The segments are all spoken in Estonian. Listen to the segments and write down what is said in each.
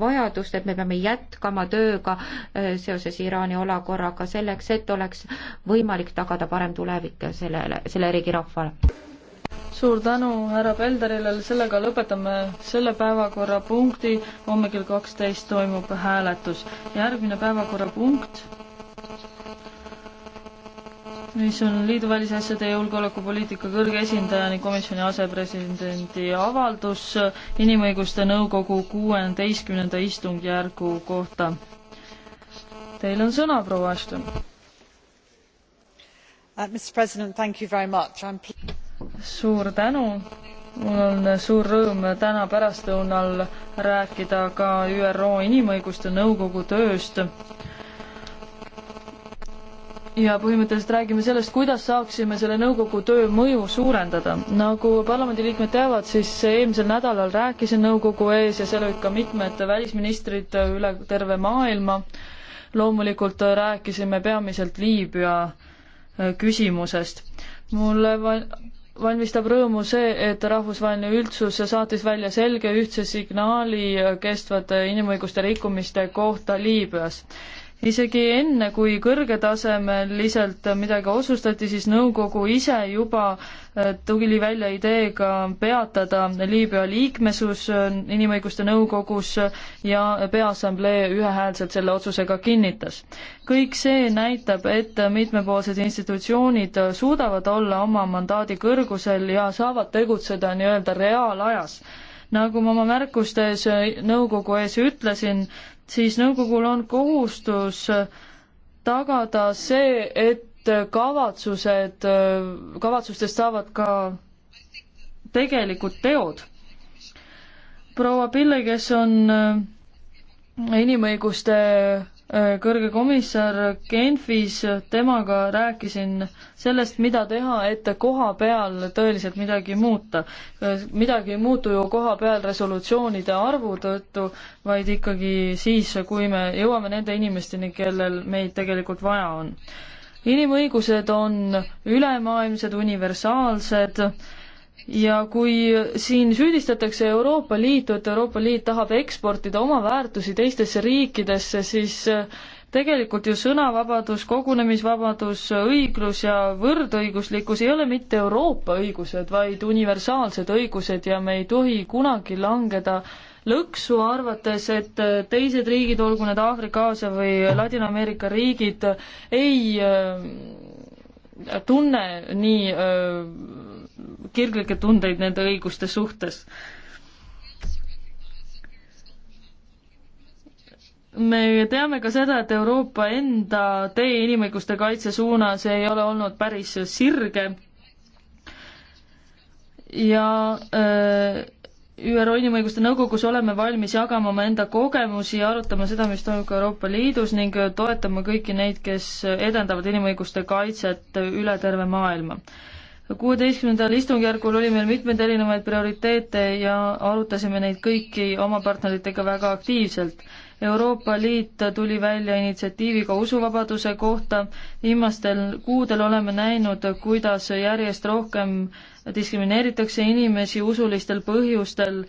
vajadust, et me peame jätkama tööga äh, seoses Iraani olukorraga selleks, et oleks võimalik tagada parem tulevik sellele, selle riigi rahvale. suur tänu härra Pelderile, sellega lõpetame selle päevakorrapunkti, homme kell kaksteist toimub hääletus. järgmine päevakorrapunkt mis on liidu välisasjade ja julgeolekupoliitika kõrge esindaja ning komisjoni asepresidendi avaldus Inimõiguste Nõukogu kuueteistkümnenda istungjärgu kohta. Teil on sõna, proua Ashton. Uh, suur tänu mul on suur rõõm täna pärastlõunal rääkida ka ÜRO Inimõiguste Nõukogu tööst ja põhimõtteliselt räägime sellest, kuidas saaksime selle nõukogu töö mõju suurendada. nagu parlamendiliikmed teavad, siis eelmisel nädalal rääkisin nõukogu ees ja seal olid ka mitmed välisministrid üle terve maailma. loomulikult rääkisime peamiselt Liibüa äh, küsimusest. mulle valmistab rõõmu see, et rahvusvaheline üldsus saatis välja selge ühtse signaali äh, kestvate inimõiguste rikkumiste kohta Liibüas isegi enne, kui kõrgetasemeliselt midagi otsustati, siis nõukogu ise juba äh, tuli välja ideega peatada Liibüa liikmesus äh, Inimõiguste Nõukogus äh, ja Peaassamblee ühehäälselt selle otsusega kinnitas. kõik see näitab, et mitmepoolsed institutsioonid suudavad olla oma mandaadi kõrgusel ja saavad tegutseda nii-öelda reaalajas nagu ma oma märkustes äh, nõukogu ees ütlesin, siis nõukogul on kohustus äh, tagada see, et äh, kavatsused, kavatsustest saavad ka tegelikud teod. proua Pille, kes on inimõiguste Äh, kõrge komissar Genfis, temaga rääkisin sellest, mida teha, et koha peal tõeliselt midagi muuta. Äh, midagi ei muutu ju koha peal resolutsioonide arvu tõttu, vaid ikkagi siis, kui me jõuame nende inimesteni, kellel meid tegelikult vaja on. inimõigused on ülemaailmsed, universaalsed ja kui siin süüdistatakse Euroopa Liitu, et Euroopa Liit tahab eksportida oma väärtusi teistesse riikidesse, siis eh, tegelikult ju sõnavabadus, kogunemisvabadus, õiglus ja võrdõiguslikkus ei ole mitte Euroopa õigused, vaid universaalsed õigused ja me ei tohi kunagi langeda lõksu, arvates, et teised riigid, olgu need Aafrika, Aasia või Ladina-Ameerika riigid, ei eh, tunne nii öö, eh, kirglikke tundeid nende õiguste suhtes. me teame ka seda, et Euroopa enda tee inimõiguste kaitse suunas ei ole olnud päris sirge ja öö, äh, ÜRO Inimõiguste Nõukogus oleme valmis jagama omaenda kogemusi ja arutama seda, mis toimub ka Euroopa Liidus ning toetama kõiki neid, kes edendavad inimõiguste kaitset üle terve maailma kuueteistkümnendal istungjärgul oli meil mitmeid erinevaid prioriteete ja arutasime neid kõiki oma partneritega väga aktiivselt. Euroopa Liit tuli välja initsiatiiviga usuvabaduse kohta. viimastel kuudel oleme näinud, kuidas järjest rohkem diskrimineeritakse inimesi usulistel põhjustel.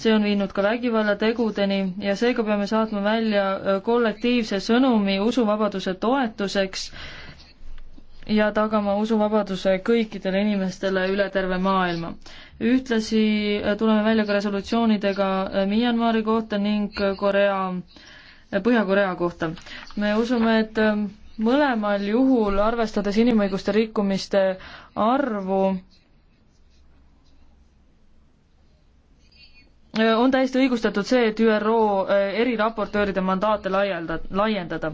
see on viinud ka vägivallategudeni ja seega peame saatma välja kollektiivse sõnumi usuvabaduse toetuseks ja tagama usuvabaduse kõikidele inimestele üle terve maailma. ühtlasi äh, tuleme välja ka resolutsioonidega äh, Myanmari kohta ning äh, Korea, Põhja-Korea kohta. me usume, et ähm, mõlemal juhul, arvestades inimõiguste rikkumiste arvu, on täiesti õigustatud see, et ÜRO eriraportööride mandaate laialda, laiendada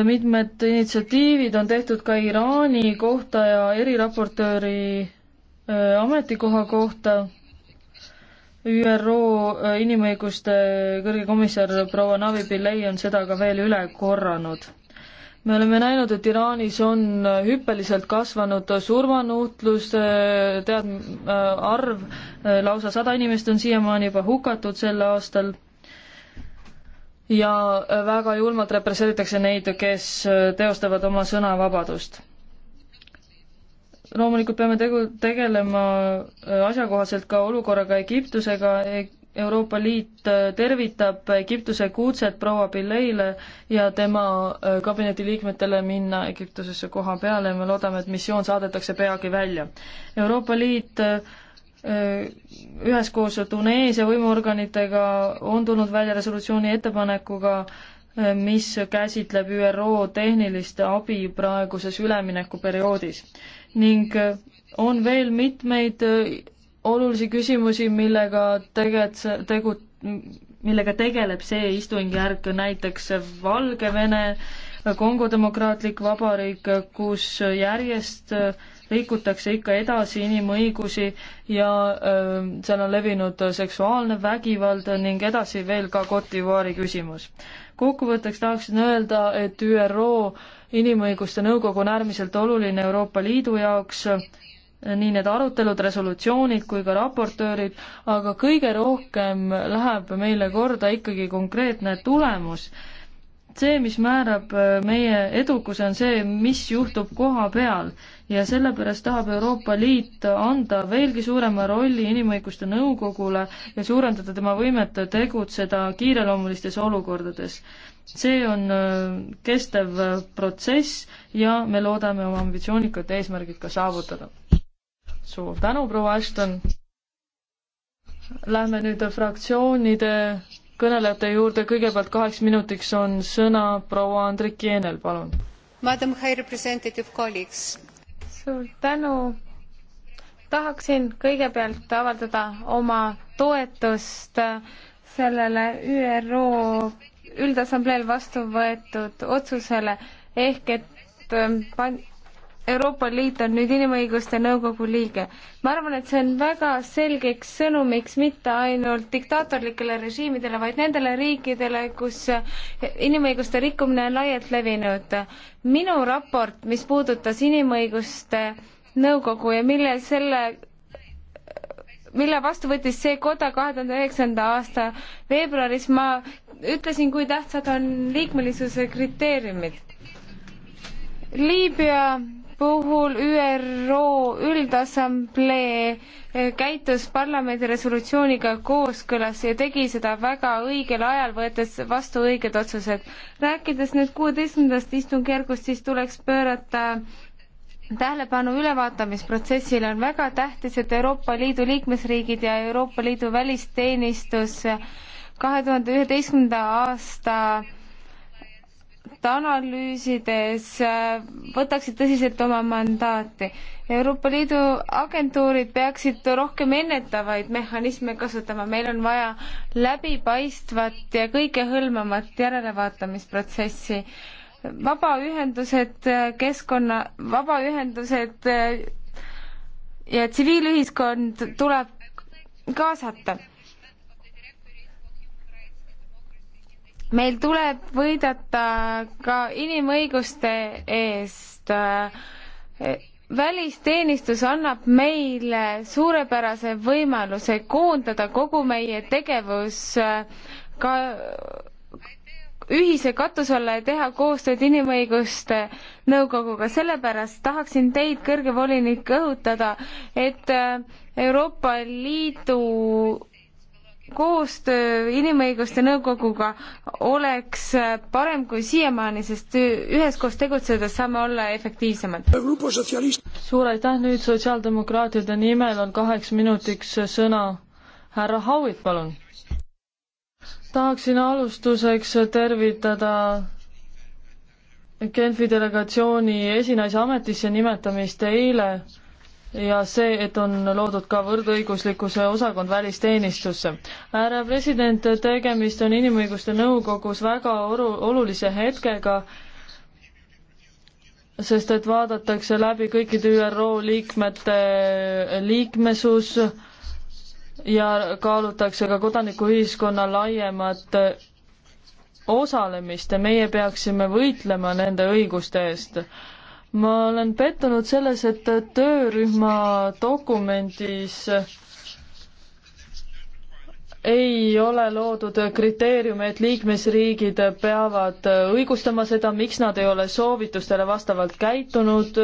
mitmed initsiatiivid on tehtud ka Iraani kohta ja eriraportööri äh, ametikoha kohta. ÜRO äh, inimõiguste kõrge komissar proua Navi Pillei on seda ka veel üle korranud. me oleme näinud, et Iraanis on äh, hüppeliselt kasvanud surmanuhtluse tead-, arv, lausa sada inimest on siiamaani juba hukatud sel aastal ja väga julmalt represseeritakse neid, kes äh, teostavad oma sõnavabadust. loomulikult peame tegu, tegelema äh, asjakohaselt ka olukorraga Egiptusega, e-, Euroopa Liit äh, tervitab Egiptuse kutset proua Bileile ja tema kabineti liikmetele minna Egiptusesse koha peale ja me loodame, et missioon saadetakse peagi välja. Euroopa Liit äh, Äh, üheskoos Tuneesia võimuorganitega on tulnud välja resolutsiooni ettepanekuga, äh, mis käsitleb ÜRO tehnilist abi praeguses üleminekuperioodis. ning äh, on veel mitmeid olulisi küsimusi, millega tegetse-, tegu-, millega tegeleb see istungjärk, näiteks Valgevene, Kongo Demokraatlik Vabariik, kus järjest äh, rikutakse ikka edasi inimõigusi ja öö, seal on levinud seksuaalne vägivald ning edasi veel ka Cote d'Ivoire'i küsimus. kokkuvõtteks tahaksin öelda, et ÜRO Inimõiguste Nõukogu on äärmiselt oluline Euroopa Liidu jaoks, nii need arutelud, resolutsioonid kui ka raportöörid, aga kõige rohkem läheb meile korda ikkagi konkreetne tulemus see, mis määrab äh, meie edukuse, on see, mis juhtub koha peal ja sellepärast tahab Euroopa Liit anda veelgi suurema rolli Inimõiguste Nõukogule ja suurendada tema võimet tegutseda kiireloomulistes olukordades. see on äh, kestev äh, protsess ja me loodame oma ambitsioonikad eesmärgid ka saavutada. suur tänu, proua Ashton! Lähme nüüd fraktsioonide kõnelejate juurde, kõigepealt kaheks minutiks on sõna proua Andrik Jeenel, palun. suur tänu. tahaksin kõigepealt avaldada oma toetust sellele ÜRO üldassambleel vastu võetud otsusele ehk et ähm, pan-, Euroopa Liit on nüüd Inimõiguste Nõukogu liige. ma arvan, et see on väga selgeks sõnumiks mitte ainult diktaatorlikele režiimidele, vaid nendele riikidele, kus inimõiguste rikkumine on laialt levinud. minu raport, mis puudutas Inimõiguste Nõukogu ja mille selle mille vastu võttis see koda kahe tuhande üheksanda aasta veebruaris, ma ütlesin, kui tähtsad on liikmelisuse kriteeriumid. Liibüa puhul ÜRO Üldassamblee eh, käitus parlamendi resolutsiooniga kooskõlas ja tegi seda väga õigel ajal, võetes vastu õiged otsused. rääkides nüüd kuueteistkümnendast istungjärgust, siis tuleks pöörata tähelepanu ülevaatamisprotsessile on väga tähtis, et Euroopa Liidu liikmesriigid ja Euroopa Liidu välisteenistus kahe tuhande üheteistkümnenda aasta et analüüsides äh, võtaksid tõsiselt oma mandaati. Euroopa Liidu agentuurid peaksid rohkem ennetavaid mehhanisme kasutama, meil on vaja läbipaistvat ja kõikehõlmavat järelevaatamisprotsessi. vabaühendused, äh, keskkonna, vabaühendused äh, ja tsiviilühiskond tuleb kaasata meil tuleb võidata ka inimõiguste eest. välisteenistus annab meile suurepärase võimaluse koondada kogu meie tegevus ka ühise katuse alla ja teha koostööd Inimõiguste Nõukoguga. sellepärast tahaksin teid, kõrge volinik, õhutada, et Euroopa Liidu koostöö Inimõiguste Nõukoguga oleks parem kui siiamaani, sest üheskoos tegutsedes saame olla efektiivsemad. suur aitäh, nüüd sotsiaaldemokraatide nimel on kaheks minutiks sõna härra Howitt, palun. tahaksin alustuseks tervitada Genfi delegatsiooni esinaise ametisse nimetamist eile ja see, et on loodud ka võrdõiguslikkuse osakond välisteenistusse. härra president, tegemist on Inimõiguste Nõukogus väga oru-, olulise hetkega, sest et vaadatakse läbi kõikide ÜRO liikmete liikmesus ja kaalutakse ka kodanikuühiskonna laiemat osalemist ja meie peaksime võitlema nende õiguste eest ma olen pettunud selles, et töörühma dokumendis ei ole loodud kriteeriume, et liikmesriigid peavad õigustama seda, miks nad ei ole soovitustele vastavalt käitunud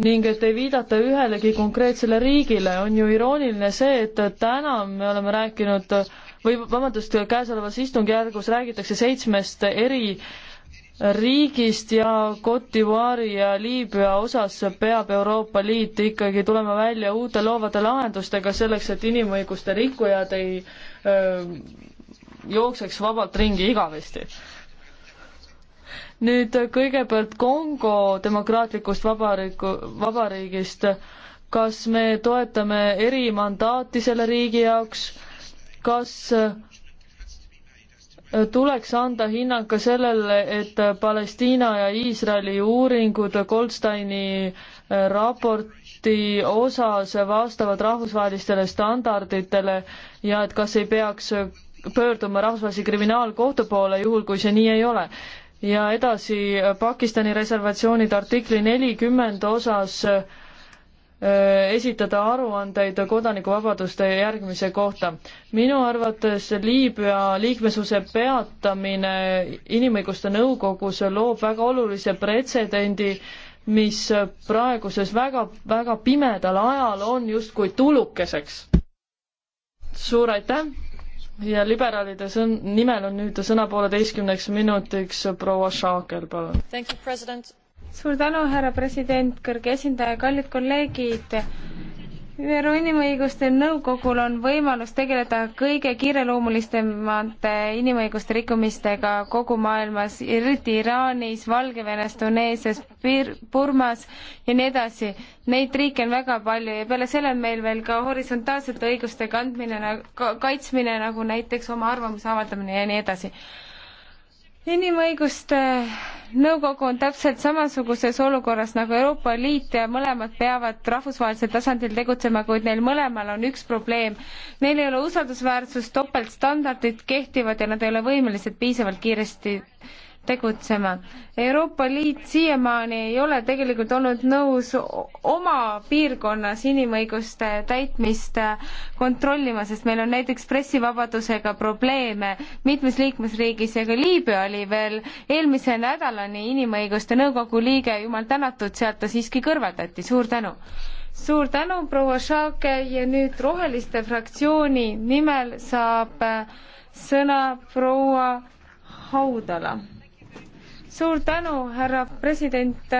ning et ei viidata ühelegi konkreetsele riigile. on ju irooniline see, et täna me oleme rääkinud või vabandust, käesolevas istungjärgus räägitakse seitsmest eri äh, riigist ja Cote d'Ivoire'i ja Liibüa osas peab Euroopa Liit ikkagi tulema välja uute loovade lahendustega selleks, et inimõiguste rikkujad ei öö, jookseks vabalt ringi igavesti. nüüd kõigepealt Kongo demokraatlikust vabariigu, vabariigist. kas me toetame erimandaati selle riigi jaoks, kas öö, tuleks anda hinnang ka sellele, et Palestiina ja Iisraeli uuringud Goldsteini äh, raporti osas vastavad rahvusvahelistele standarditele ja et kas ei peaks pöörduma rahvusvahelise kriminaalkohtu poole, juhul kui see nii ei ole. ja edasi äh, Pakistani reservatsioonid artikli nelikümmend osas äh, Äh, esitada aruandeid kodanikuvabaduste järgmise kohta. minu arvates Liibüa liikmesuse peatamine Inimõiguste Nõukogus loob väga olulise pretsedendi, mis praeguses väga, väga pimedal ajal on justkui tulukeseks. suur aitäh ja liberaalide sõn-, nimel on nüüd sõna pooleteistkümneks minutiks proua Šaaker, palun suur tänu, härra president, kõrge esindaja, kallid kolleegid. ÜRO Inimõiguste Nõukogul on võimalus tegeleda kõige kiireloomulisemate inimõiguste rikkumistega kogu maailmas, eriti Iraanis, Valgevenes, Tuneesias, Burmas ja nii edasi. Neid riike on väga palju ja peale selle on meil veel ka horisontaalsete õiguste kandmine, kaitsmine nagu näiteks oma arvamuse avaldamine ja nii edasi inimõiguste nõukogu on täpselt samasuguses olukorras nagu Euroopa Liit ja mõlemad peavad rahvusvahelisel tasandil tegutsema, kuid neil mõlemal on üks probleem. Neil ei ole usaldusväärsust, topeltstandardid kehtivad ja nad ei ole võimelised piisavalt kiiresti tegutsema. Euroopa Liit siiamaani ei ole tegelikult olnud nõus oma piirkonnas inimõiguste täitmist äh, kontrollima, sest meil on näiteks pressivabadusega probleeme mitmes liikmesriigis ja ka Liibüa oli veel eelmise nädalani Inimõiguste Nõukogu liige, jumal tänatud, sealt ta siiski kõrvaldati, suur tänu! suur tänu, proua Šaake ja nüüd Roheliste fraktsiooni nimel saab äh, sõna proua Haudala suur tänu, härra president.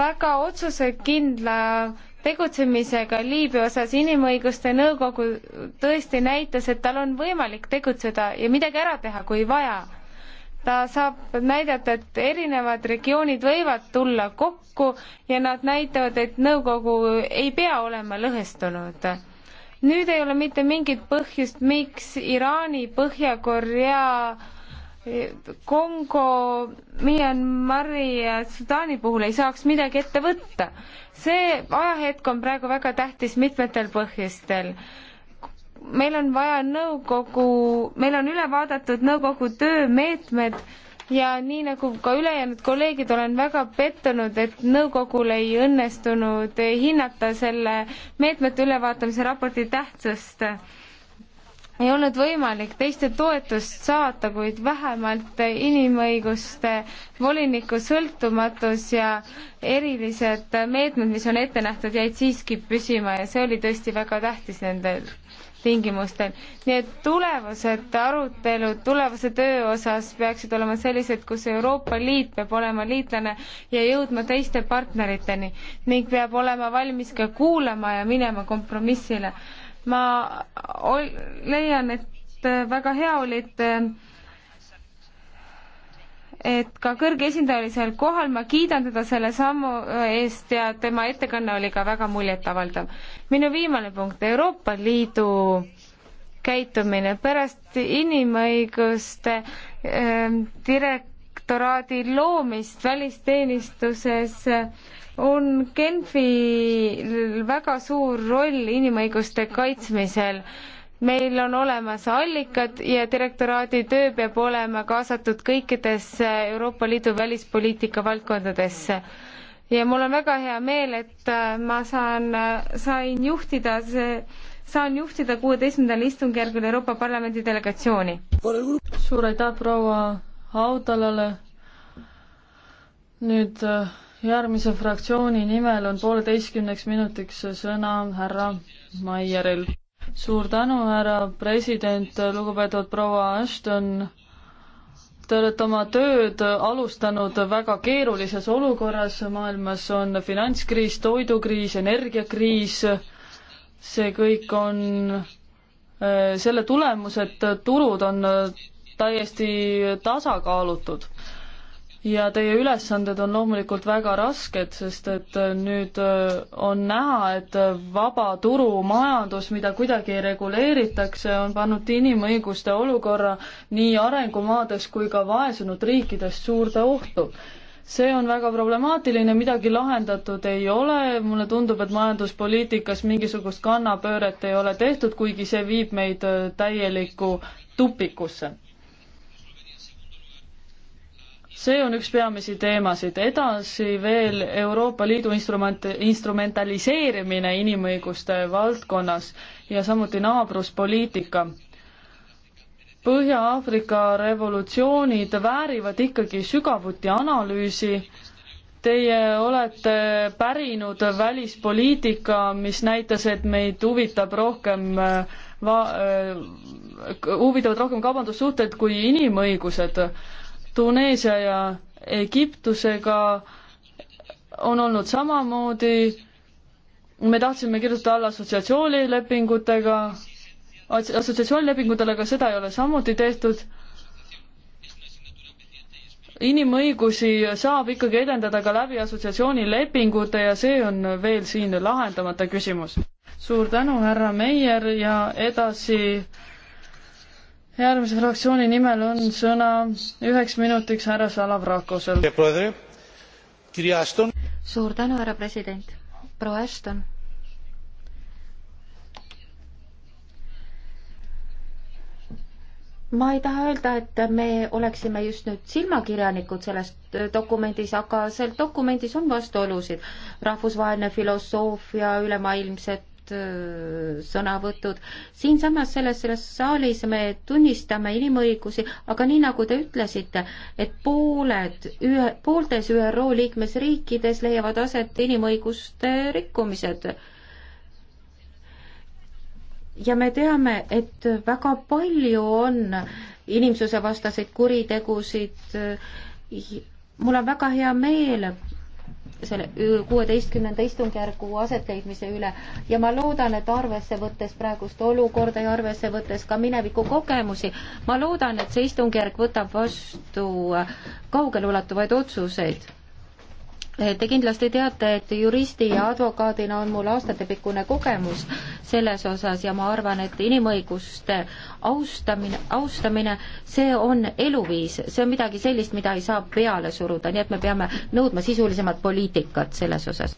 väga otsusekindla tegutsemisega Liibüa osas Inimõiguste Nõukogu tõesti näitas, et tal on võimalik tegutseda ja midagi ära teha, kui vaja. ta saab näidata, et erinevad regioonid võivad tulla kokku ja nad näitavad, et nõukogu ei pea olema lõhestunud. nüüd ei ole mitte mingit põhjust, miks Iraani, Põhja-Korea Kongo, Myanmari ja Sudaani puhul ei saaks midagi ette võtta. see ajahetk on praegu väga tähtis mitmetel põhjustel. meil on vaja nõukogu, meil on üle vaadatud nõukogu töömeetmed ja nii nagu ka ülejäänud kolleegid, olen väga pettunud, et nõukogul ei õnnestunud hinnata selle meetmete ülevaatamise raporti tähtsust ei olnud võimalik teiste toetust saada, kuid vähemalt inimõiguste voliniku sõltumatus ja erilised meetmed, mis on ette nähtud, jäid siiski püsima ja see oli tõesti väga tähtis nendel tingimustel. nii et tulevased arutelud tulevase töö osas peaksid olema sellised, kus Euroopa Liit peab olema liitlane ja jõudma teiste partneriteni ning peab olema valmis ka kuulama ja minema kompromissile ma ol, leian, et äh, väga hea olid äh, et ka kõrge esindaja oli seal kohal, ma kiidan teda selle sammu äh, eest ja tema ettekanne oli ka väga muljetavaldav. minu viimane punkt, Euroopa Liidu käitumine pärast inimõiguste äh, direktoraadi loomist välisteenistuses äh, on Genfil väga suur roll inimõiguste kaitsmisel. meil on olemas allikad ja direktoraadi töö peab olema kaasatud kõikidesse Euroopa Liidu välispoliitika valdkondadesse ja mul on väga hea meel, et äh, ma saan, äh, sain juhtida see, saan juhtida kuueteistkümnendal istungjärgul Euroopa Parlamendi delegatsiooni. suur aitäh proua Haudalale. nüüd äh, järgmise fraktsiooni nimel on pooleteistkümneks minutiks sõna härra Maieril. suur tänu, härra president, lugupeetud proua Ashton. Te olete oma tööd alustanud väga keerulises olukorras, maailmas on finantskriis, toidukriis, energiakriis, see kõik on eh, selle tulemus, et turud on eh, täiesti tasakaalutud ja teie ülesanded on loomulikult väga rasked, sest et äh, nüüd äh, on näha, et äh, vaba turumajandus, mida kuidagi reguleeritakse, on pannud inimõiguste olukorra nii arengumaades kui ka vaesunud riikides suurde ohtu. see on väga problemaatiline, midagi lahendatud ei ole, mulle tundub, et majanduspoliitikas mingisugust kannapööret ei ole tehtud, kuigi see viib meid täielikku tupikusse see on üks peamisi teemasid, edasi veel Euroopa Liidu instrument, instrumentaliseerimine inimõiguste valdkonnas ja samuti naabruspoliitika. Põhja-Aafrika revolutsioonid väärivad ikkagi sügavuti analüüsi. Teie olete pärinud välispoliitika, mis näitas, et meid huvitab rohkem äh, va-, äh, huvitavad rohkem kaubandussuhted kui inimõigused Tuneesia ja Egiptusega on olnud samamoodi, me tahtsime kirjutada alla assotsiatsioonilepingutega, assotsiatsioonilepingutele, aga seda ei ole samuti tehtud. inimõigusi saab ikkagi edendada ka läbi assotsiatsioonilepingute ja see on veel siin lahendamata küsimus. suur tänu, härra Meier ja edasi järgmise fraktsiooni nimel on sõna üheks minutiks härra Salavrakosel. suur tänu, härra president. proua Ashton. ma ei taha öelda, et me oleksime just nüüd silmakirjanikud selles dokumendis, aga seal dokumendis on vastuolusid. rahvusvaheline filosoofia, ülemaailmsed mõned äh, sõnavõtud. siinsamas selles, selles saalis me tunnistame inimõigusi, aga nii, nagu te ütlesite, et pooled ühe, pooltes ÜRO liikmesriikides leiavad aset inimõiguste rikkumised ja me teame, et väga palju on inimsusevastaseid kuritegusid. mul on väga hea meel, selle kuueteistkümnenda istungjärgu asetleidmise üle ja ma loodan, et arvesse võttes praegust olukorda ja arvesse võttes ka mineviku kogemusi, ma loodan, et see istungjärk võtab vastu äh, kaugeleulatuvaid otsuseid Te kindlasti teate, et juristi ja advokaadina on mul aastatepikkune kogemus selles osas ja ma arvan, et inimõiguste austamine, austamine, see on eluviis, see on midagi sellist, mida ei saa peale suruda, nii et me peame nõudma sisulisemat poliitikat selles osas.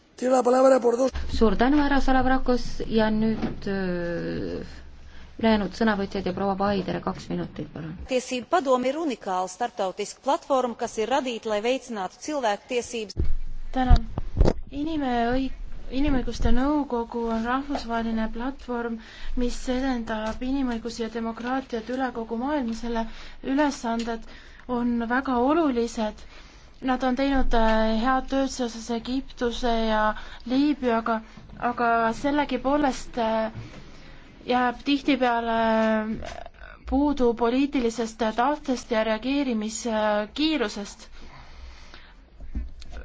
suur tänu, härra Salavrakos ja nüüd öö, äh, ülejäänud sõnavõtjad ja proua Paidere, kaks minutit, palun. tiesību padomi ir unikāla starptautiska platvorm, kas ir radīta, lai veicinātu cilvēku tiesības tänan. inimõig-, inimõiguste nõukogu on rahvusvaheline platvorm, mis edendab inimõigusi ja demokraatiat üle kogu maailma, selle ülesanded on väga olulised. Nad on teinud äh, head tööd seoses Egiptuse ja Liibüaga, aga sellegipoolest äh, jääb tihtipeale äh, puudu poliitilisest tahtest ja reageerimiskiirusest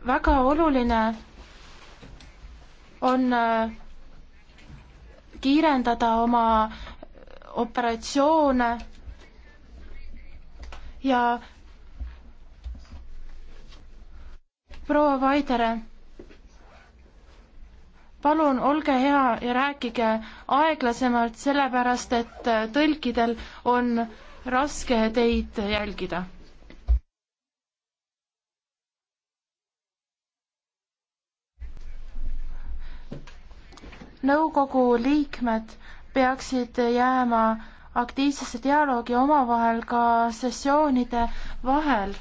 väga oluline on äh, kiirendada oma operatsioone ja proua Vaidere, palun olge hea ja rääkige aeglasemalt, sellepärast et äh, tõlkidel on raske teid jälgida nõukogu liikmed peaksid jääma aktiivsesse dialoogi omavahel ka sessioonide vahel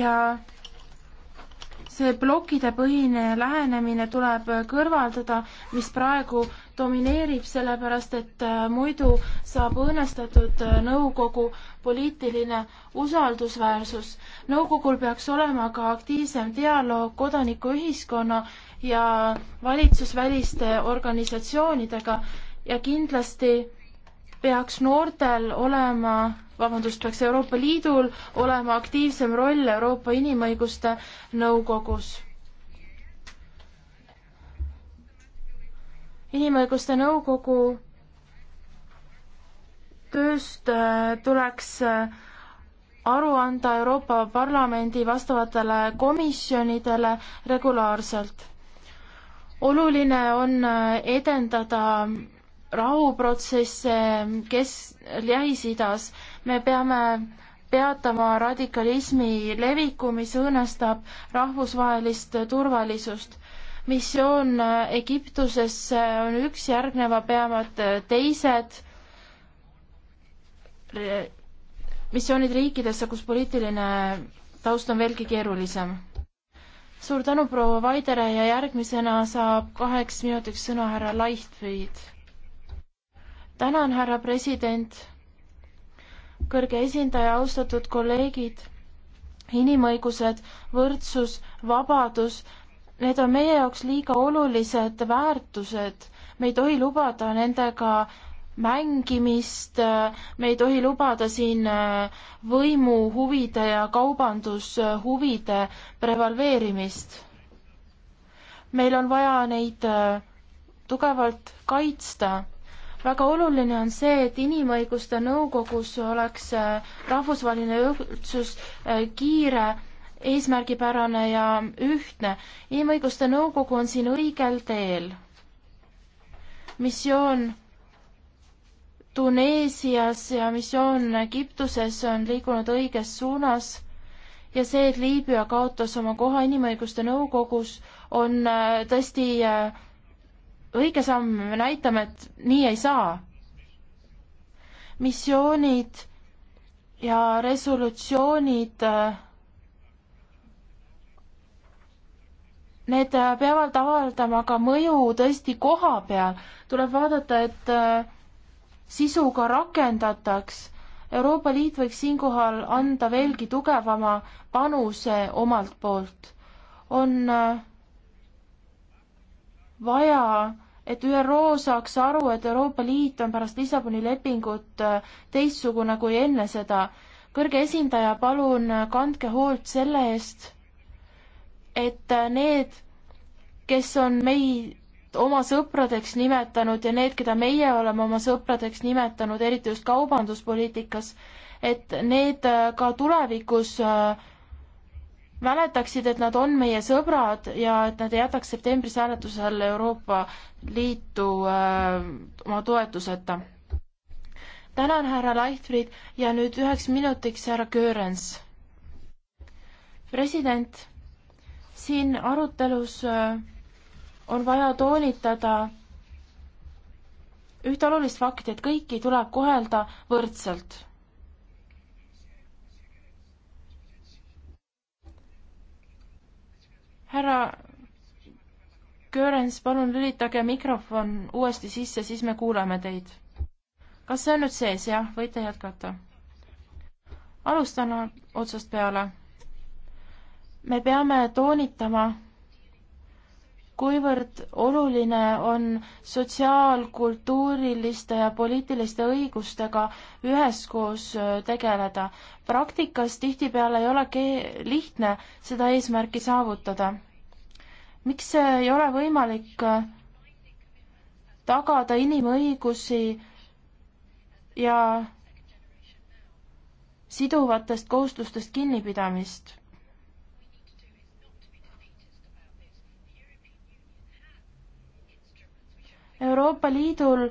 ja see plokkidepõhine lähenemine tuleb kõrvaldada, mis praegu domineerib, sellepärast et äh, muidu saab õõnestatud äh, nõukogu poliitiline usaldusväärsus. nõukogul peaks olema ka aktiivsem dialoog kodanikuühiskonna ja valitsusväliste organisatsioonidega ja kindlasti peaks noortel olema, vabandust, peaks Euroopa Liidul olema aktiivsem roll Euroopa Inimõiguste Nõukogus. inimõiguste nõukogu tööst äh, tuleks äh, aru anda Euroopa Parlamendi vastavatele komisjonidele regulaarselt. oluline on äh, edendada rahuprotsesse kes-, Lähis-Idas, me peame peatama radikalismi leviku, mis õõnestab rahvusvahelist turvalisust. missioon Egiptusesse on üks, järgneva peavad teised missioonid riikidesse, kus poliitiline taust on veelgi keerulisem. suur tänu, proua Vaidere ja järgmisena saab kaheks minutiks sõna härra Leichtfried tänan, härra president, kõrge esindaja, austatud kolleegid, inimõigused, võrdsus, vabadus, need on meie jaoks liiga olulised väärtused, me ei tohi lubada nendega mängimist, me ei tohi lubada siin äh, võimuhuvide ja kaubandushuvide äh, prevaleerimist. meil on vaja neid äh, tugevalt kaitsta väga oluline on see, et Inimõiguste Nõukogus oleks äh, rahvusvaheline ühtsus äh, kiire, eesmärgipärane ja ühtne. inimõiguste nõukogu on siin õigel teel. missioon Tuneesias ja missioon Egiptuses on liikunud õiges suunas ja see, et Liibüa kaotas oma koha inimõiguste nõukogus, on äh, tõesti õige samm, me näitame, et nii ei saa. missioonid ja resolutsioonid, äh, need äh, peavad avaldama ka mõju tõesti koha peal, tuleb vaadata, et äh, sisu ka rakendataks. Euroopa Liit võiks siinkohal anda veelgi tugevama panuse omalt poolt. on vaja et ÜRO saaks aru, et Euroopa Liit on pärast Lissaboni lepingut äh, teistsugune kui enne seda. kõrge esindaja, palun äh, kandke hoolt selle eest, et äh, need, kes on meid oma sõpradeks nimetanud ja need, keda meie oleme oma sõpradeks nimetanud, eriti just kaubanduspoliitikas, et need ka tulevikus äh, mäletaksid, et nad on meie sõbrad ja et nad ei jätaks septembris hääletusel Euroopa Liitu äh, oma toetuseta. tänan, härra Leichtfried ja nüüd üheks minutiks härra Göörens. president, siin arutelus äh, on vaja toonitada ühte olulist fakti, et kõiki tuleb kohelda võrdselt härra Görens, palun lülitage mikrofon uuesti sisse, siis me kuuleme teid. kas see on nüüd sees, jah, võite jätkata? alustan otsast peale. me peame toonitama kuivõrd oluline on sotsiaalkultuuriliste ja poliitiliste õigustega üheskoos äh, tegeleda. praktikas tihtipeale ei ole lihtne seda eesmärki saavutada. miks see ei ole võimalik äh, tagada inimõigusi ja siduvatest kohustustest kinnipidamist? Euroopa Liidul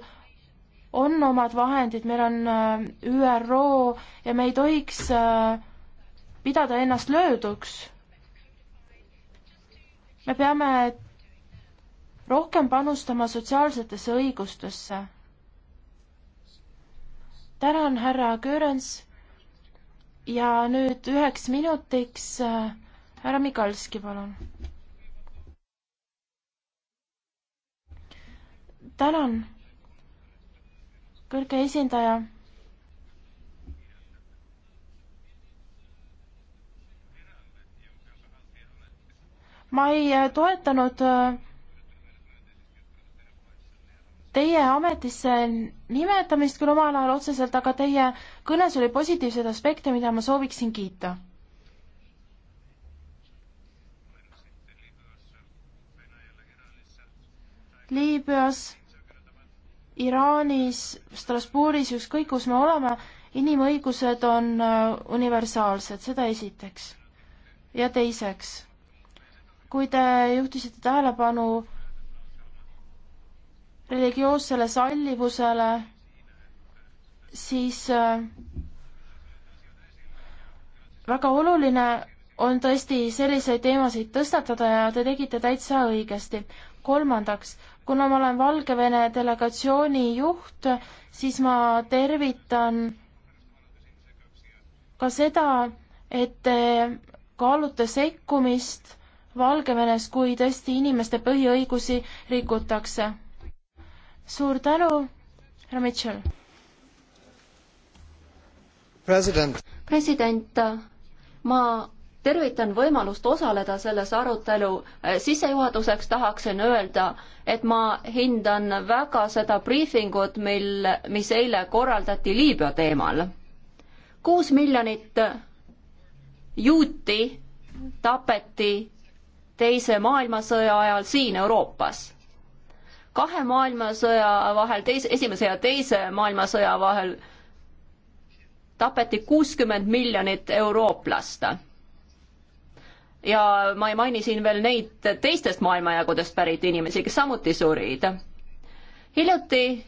on omad vahendid, meil on äh, ÜRO ja me ei tohiks äh, pidada ennast lööduks. me peame rohkem panustama sotsiaalsetesse õigustesse. tänan, härra Görens. ja nüüd üheks minutiks äh, härra Mikalski, palun tänan, kõrge esindaja. ma ei äh, toetanud äh, teie ametisse nimetamist küll omal ajal otseselt, aga teie kõnes oli positiivseid aspekte, mida ma sooviksin kiita. Liibüas Iraanis, Strasbourgis, ükskõik kus me oleme, inimõigused on äh, universaalsed, seda esiteks. ja teiseks, kui te juhtisite tähelepanu religioossele sallivusele, siis äh, väga oluline on tõesti selliseid teemasid tõstatada ja te tegite täitsa õigesti. kolmandaks, kuna ma olen Valgevene delegatsiooni juht, siis ma tervitan ka seda, et te kaalute sekkumist Valgevenes, kui tõesti inimeste põhiõigusi rikutakse. suur tänu, härra Mitchell. president, president, ma tervitan võimalust osaleda selles arutelu. Äh, sissejuhatuseks tahaksin öelda, et ma hindan väga seda briifingut, mil, mis eile korraldati Liibüa teemal. kuus miljonit äh, juuti tapeti teise maailmasõja ajal siin Euroopas. kahe maailmasõja vahel, teise, esimese ja teise maailmasõja vahel tapeti kuuskümmend miljonit eurooplast ja ma ei maini siin veel neid teistest maailmajagudest pärit inimesi, kes samuti surid. hiljuti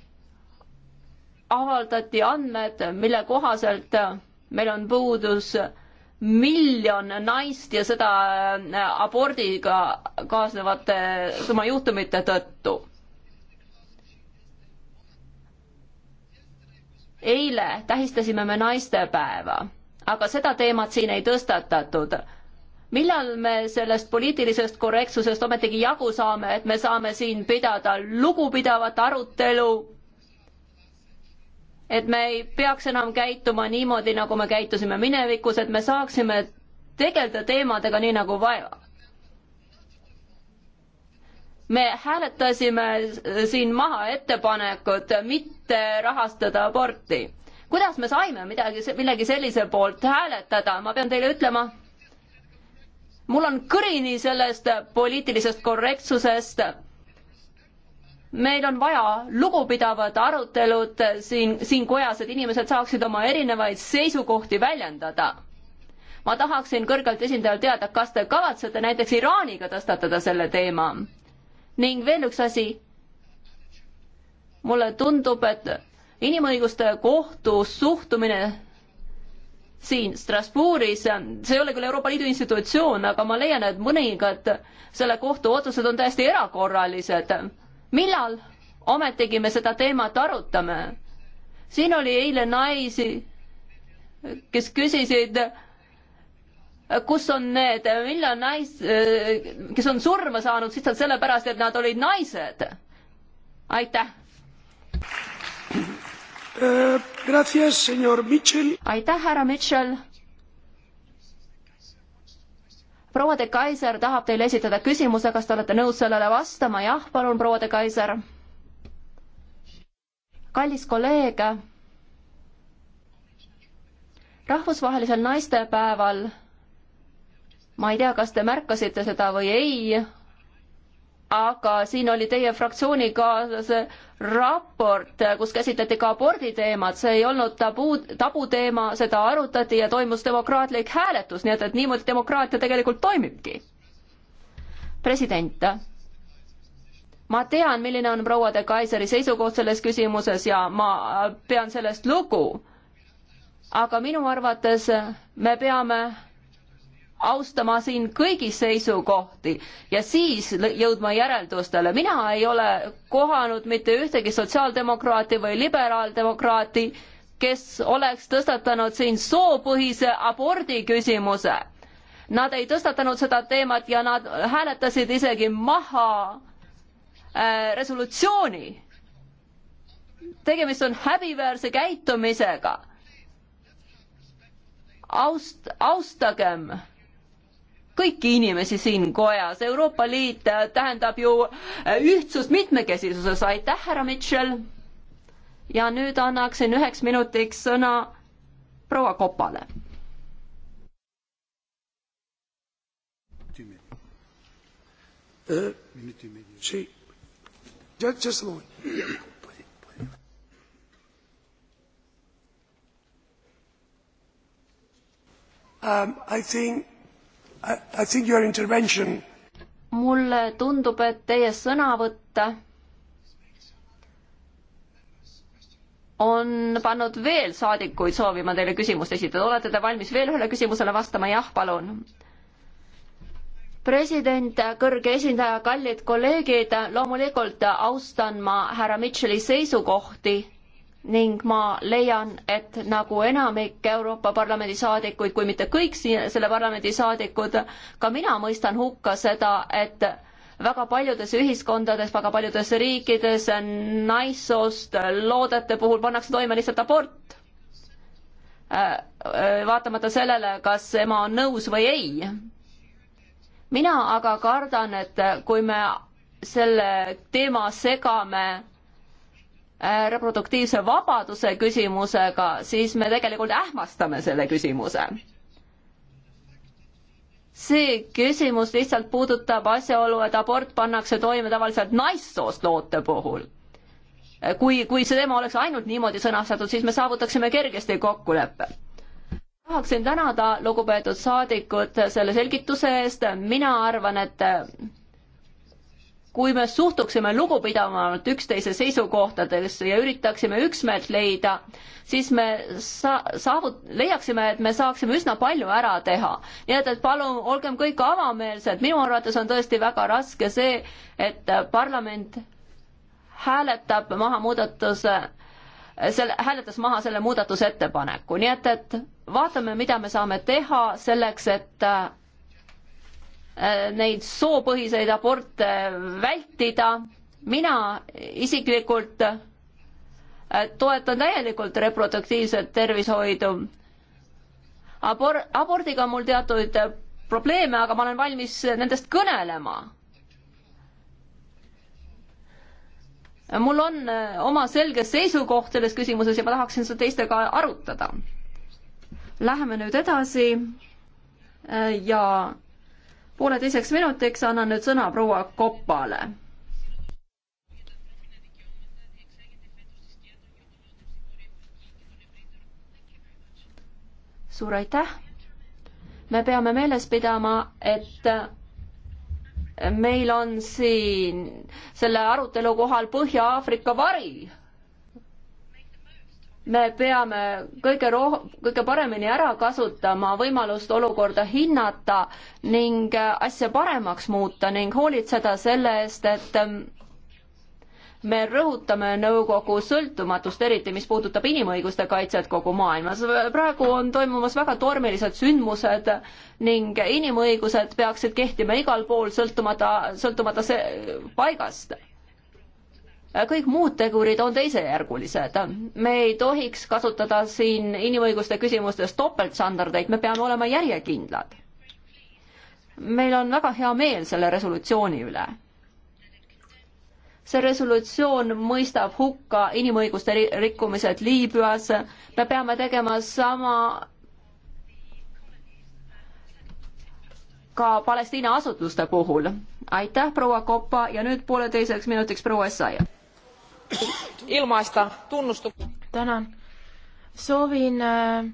avaldati andmed, mille kohaselt meil on puudus miljon naist ja seda äh, abordiga kaasnevate tema juhtumite tõttu. eile tähistasime me naistepäeva, aga seda teemat siin ei tõstatatud millal me sellest poliitilisest korrektsusest ometigi jagu saame, et me saame siin pidada lugupidavat arutelu? et me ei peaks enam käituma niimoodi, nagu me käitusime minevikus, et me saaksime tegeleda teemadega nii nagu vaja. me hääletasime siin maha ettepanekut mitte rahastada aborti. kuidas me saime midagi, millegi sellise poolt hääletada, ma pean teile ütlema mul on kõrini sellest poliitilisest korrektsusest. meil on vaja lugupidavad arutelud siin, siin kojas, et inimesed saaksid oma erinevaid seisukohti väljendada. ma tahaksin kõrgelt esindajalt teada, kas te kavatsete näiteks Iraaniga tõstatada selle teema. ning veel üks asi. mulle tundub, et inimõiguste kohtu suhtumine siin Strasbourgis, see ei ole küll Euroopa Liidu institutsioon, aga ma leian, et mõningad selle kohtu otsused on täiesti erakorralised. millal ometigi me seda teemat arutame? siin oli eile naisi, kes küsisid, kus on need, millal nais-, kes on surma saanud lihtsalt sellepärast, et nad olid naised. aitäh! Eh, aitäh, härra Mitchell. proua de Kaiser tahab teile esitada küsimuse, kas te olete nõus sellele vastama, jah, palun, proua de Kaiser. kallis kolleeg, rahvusvahelisel naistepäeval, ma ei tea, kas te märkasite seda või ei aga siin oli teie fraktsioonikaaslase raport, kus käsitleti ka abordi teemat, see ei olnud tabu, tabuteema, seda arutati ja toimus demokraatlik hääletus, nii et, et niimoodi demokraatia tegelikult toimibki. president, ma tean, milline on proua de Kaiseri seisukoht selles küsimuses ja ma pean sellest lugu, aga minu arvates me peame austama siin kõigi seisukohti ja siis jõudma järeldustele. mina ei ole kohanud mitte ühtegi sotsiaaldemokraati või liberaaldemokraati, kes oleks tõstatanud siin soopõhise abordi küsimuse. Nad ei tõstatanud seda teemat ja nad hääletasid isegi maha äh, resolutsiooni. tegemist on häbiväärse käitumisega. aust-, austagem kõiki inimesi siin kojas. Euroopa Liit tähendab ju äh, ühtsust mitmekesisuses. aitäh, härra Mitchell. ja nüüd annaksin üheks minutiks sõna proua Kopale. Sí. Just, just a moment. Um, I think I think your intervention mulle tundub, et teie sõnavõtt on pannud veel saadikuid soovima teile küsimust esitada. olete te valmis veel ühele küsimusele vastama? jah, palun. president, kõrge esindaja, kallid kolleegid, loomulikult austan ma härra Mitchell'i seisukohti ning ma leian, et nagu enamik Euroopa Parlamendi saadikuid, kui mitte kõik siin, selle parlamendi saadikud, ka mina mõistan hukka seda, et väga paljudes ühiskondades, väga paljudes riikides naissoost loodete puhul pannakse toime lihtsalt abort. Äh, äh, vaatamata sellele, kas ema on nõus või ei. mina aga kardan, et kui me selle teema segame reproduktiivse vabaduse küsimusega, siis me tegelikult ähmastame selle küsimuse. see küsimus lihtsalt puudutab asjaolu, et abort pannakse toime tavaliselt naissoost loote puhul. kui, kui see teema oleks ainult niimoodi sõnastatud, siis me saavutaksime kergesti kokkuleppe tahaksin tänada lugupeetud saadikut selle selgituse eest, mina arvan, et kui me suhtuksime lugupidavamalt üksteise seisukohtadesse ja üritaksime üksmeelt leida, siis me sa-, saavut-, leiaksime, et me saaksime üsna palju ära teha. nii et, et palun olgem kõik avameelsed, minu arvates on tõesti väga raske see, et parlament hääletab maha muudatuse, selle, hääletas maha selle muudatusettepaneku, nii et, et vaatame, mida me saame teha selleks, et Äh, neid soopõhiseid aborte vältida. mina isiklikult äh, toetan täielikult reproduktiivset tervishoidu. Abor-, abordiga on mul teatud äh, probleeme, aga ma olen valmis nendest kõnelema mul on oma selge seisukoht selles küsimuses ja ma tahaksin seda teistega arutada. Läheme nüüd edasi ja pooleteiseks minutiks annan nüüd sõna proua Koppale. suur aitäh. me peame meeles pidama, et meil on siin selle arutelu kohal Põhja-Aafrika vari me peame kõige roh-, kõige paremini ära kasutama võimalust olukorda hinnata ning asja paremaks muuta ning hoolitseda selle eest, et ähm, me rõhutame nõukogu sõltumatust, eriti mis puudutab inimõiguste kaitset kogu maailmas. praegu on toimumas väga tormilised sündmused ning inimõigused peaksid kehtima igal pool, sõltumata, sõltumata see, paigast Äh, kõik muud tegurid on teisejärgulised. me ei tohiks kasutada siin inimõiguste küsimustes topeltstandardeid, me peame olema järjekindlad. meil on väga hea meel selle resolutsiooni üle. see resolutsioon mõistab hukka inimõiguste rikkumised Liibüas, me peame tegema sama ka Palestiina asutuste puhul. aitäh, proua Koppa ja nüüd pooleteiseks minutiks proua Essaia ilmaista tunnustukseni. tänan. soovin äh,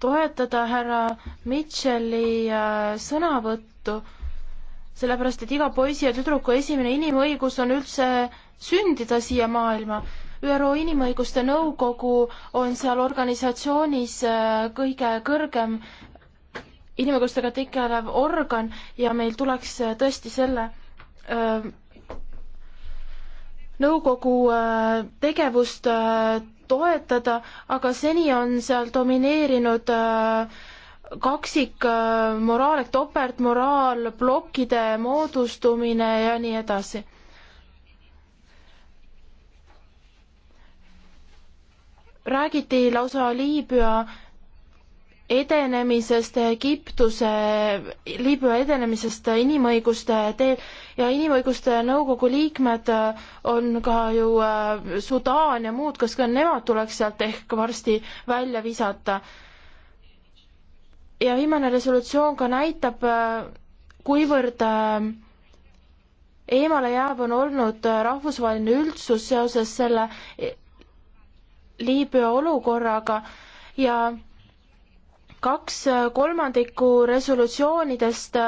toetada härra Mitchell'i äh, sõnavõttu, sellepärast et iga poisi ja tüdruku esimene inimõigus on üldse sündida siia maailma ÜRO Inimõiguste Nõukogu on seal organisatsioonis äh, kõige kõrgem inimõigustega tegelev organ ja meil tuleks tõesti selle nõukogu äh, tegevust äh, toetada, aga seni on seal domineerinud äh, kaksikmoraal ehk topeltmoraal, plokkide moodustumine ja nii edasi. räägiti lausa Liibüa edenemisest Egiptuse, Liibüa edenemisest inimõiguste teel ja Inimõiguste Nõukogu liikmed äh, on ka ju äh, Sudaan ja muud, kas ka nemad tuleks sealt ehk varsti välja visata? ja viimane resolutsioon ka näitab, äh, kuivõrd eemale jääb on olnud rahvusvaheline üldsus seoses selle e, Liibüa olukorraga ja kaks kolmandikku resolutsioonidest,